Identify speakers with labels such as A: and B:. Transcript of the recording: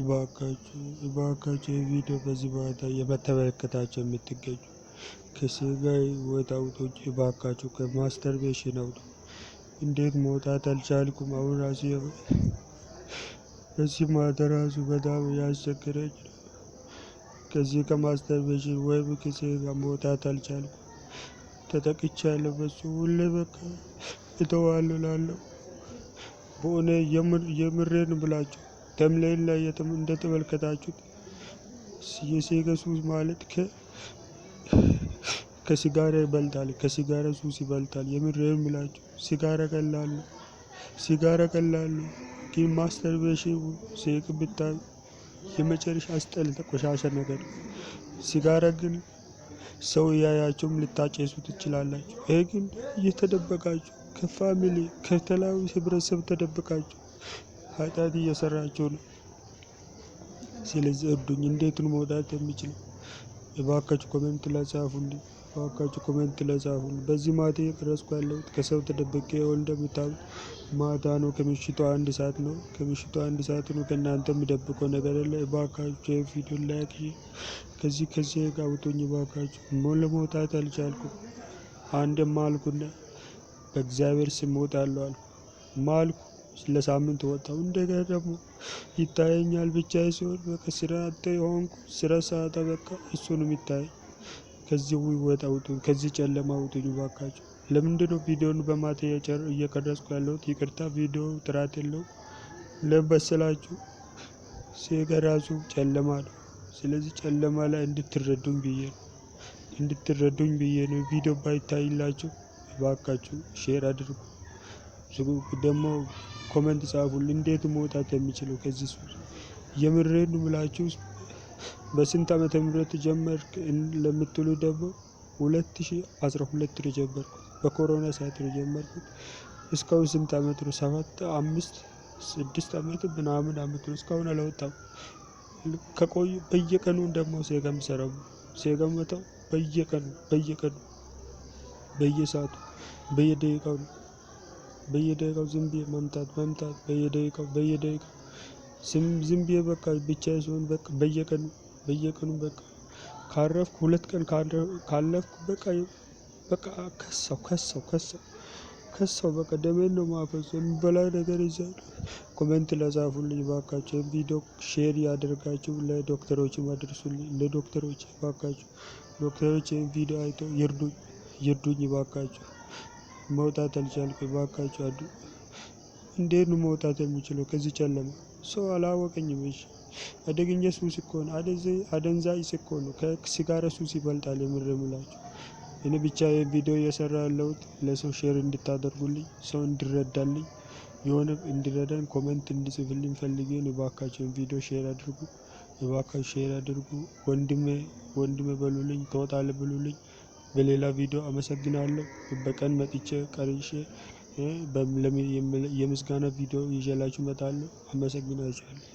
A: እባካችሁ እባካችሁ የቪዲዮ በዚህ ማታ የምትመለከታቸው የምትገኙ ከስጋ ህይወት አውጡኝ እባካችሁ፣ ከማስተርቤሽን አውጡ። እንዴት መውጣት አልቻልኩም። አሁን ራሴ እዚህ ማታ ራሱ በጣም ያስቸግረኝ ነው። ከዚህ ከማስተርቤሽን ወይም ከስጋ መውጣት አልቻልኩም። ተጠቅቻለሁ። በሱ ሁሌ በቃ እተዋለሁ ላለሁ በሆነ የምሬን ብላችሁ ተምሌል ላይ የተም እንደተመለከታችሁት የሴገ ሱስ ማለት ከሲጋራ ይበልጣል። ከሲጋራ ሱስ ይበልጣል። የምሬን ምላችሁ ሲጋራ ቀላሉ ሲጋራ ቀላሉ ግን ማስተርቤሽን ሴቅ ብታይ የመጨረሻ አስጠል ተቆሻሸ ነገር። ሲጋራ ግን ሰው እያያቸውም ልታጨሱ ትችላላችሁ። ይሄ ግን እየተደበቃችሁ ከፋሚሊ ከተለያዩ ህብረተሰብ ተደበቃችሁ ኃጢአት እየሰራችሁ ነው። ስለዚህ እርዱኝ። እንዴት ነው መውጣት የሚችለው? እባካችሁ ኮሜንት ላይ ጻፉልኝ። እባካችሁ ኮሜንት ላይ ጻፉልኝ። በዚህ ማታ እየቀረጽኩ ያለሁት ከሰው ተደብቄ ይኸው እንደምታዩት ማታ ነው። ከምሽቱ አንድ ሰዓት ነው። ከምሽቱ አንድ ሰዓት ነው። ከእናንተ የምደብቀው ነገር የለ። እባካችሁ ቪዲዮ ላይክ ከዚህ ከዚህ ጋውቶኝ እባካችሁ። ለመውጣት አልቻልኩም። አንድም አልኩና በእግዚአብሔር ስም እወጣለሁ አልኩ ማልኩ ለሳምንት ወጣሁ። እንደገና ደግሞ ይታየኛል ብቻ ሲሆን በቃ ስራ አጥ የሆንኩ ስራ ሰዓት በቃ እሱንም ይታይ ከዚህ ውይወት አውጡኝ፣ ከዚህ ጨለማ ውጡኝ ባካቸው። ለምንድን ነው ቪዲዮን በማታ እየቀረጽኩ ያለሁት? ይቅርታ ቪዲዮ ጥራት የለው ለበሰላችሁ ሲገራሱ ጨለማ ነው። ስለዚህ ጨለማ ላይ እንድትረዱኝ ብዬ ነው እንድትረዱኝ ብዬ ነው። ቪዲዮ ባይታይላችሁ ባካችሁ ሼር አድርጉ። ደግሞ ኮመንት ጻፉል። እንዴት መውጣት የሚችለው ከዚህ ሱስ? የምሬን ምላችሁ በስንት ዓመተ ምህረት ጀመር ለምትሉ ደግሞ 2012 ነው ጀመርኩት። በኮሮና ሰዓት ነው ጀመርኩት። እስካሁን ስንት ዓመት ነው? ሰባት አምስት ስድስት ዓመት ምናምን ዓመት ነው። እስካሁን አለወጣም ከቆዩ በየቀኑ ደግሞ ሴጋም ሰራው ሴጋም ወጣው በየቀኑ በየቀኑ በየሰዓቱ በየደቂቃው ነው በየደቂቃው ዝም ብዬ መምታት መምታት በየደቂቃው በየደቂቃው ዝም በቃ ብቻ ሲሆን በቃ በየቀኑ በየቀኑ በቃ ካረፍኩ ሁለት ቀን ካለፍኩ በቃ በቃ ከሳው ከሳው ከሳው ከሳው በቃ ደሜን ነው ማፈሱ። የሚበላ ነገር ይዛል። ኮሜንት ለጻፉልኝ ባካቸው፣ ቪዲዮ ሼር ያደርጋችሁ ለዶክተሮች አድርሱልኝ። ለዶክተሮች ባካቸው፣ ዶክተሮች ቪዲዮ አይተው ይርዱኝ ይርዱኝ ባካቸው። መውጣት አልቻልኩ። እባካችሁ አዱ፣ እንዴት ነው መውጣት የሚችለው ከዚህ ጨለማ? ሰው አላወቀኝም። እሺ አደገኛ ሱስ እኮ ነው፣ አደንዛዥ እኮ ነው። ከሲጋራ ሱስ ይበልጣል። የምር ምላችሁ እኔ ብቻ የቪዲዮ እየሰራ ያለሁት ለሰው ሼር እንድታደርጉልኝ፣ ሰው እንድረዳልኝ፣ የሆነ እንድረዳን ኮመንት እንድጽፍልኝ ፈልጌ ነው። እባካችሁን ቪዲዮ ሼር አድርጉ፣ እባካችሁ ሼር አድርጉ። ወንድሜ ወንድሜ በሉልኝ፣ ተወጣለ ብሉልኝ። በሌላ ቪዲዮ አመሰግናለሁ። በቀን መጥቼ ቀርሼ የምስጋና ቪዲዮ ይዤላችሁ እመጣለሁ። አመሰግናችኋለሁ።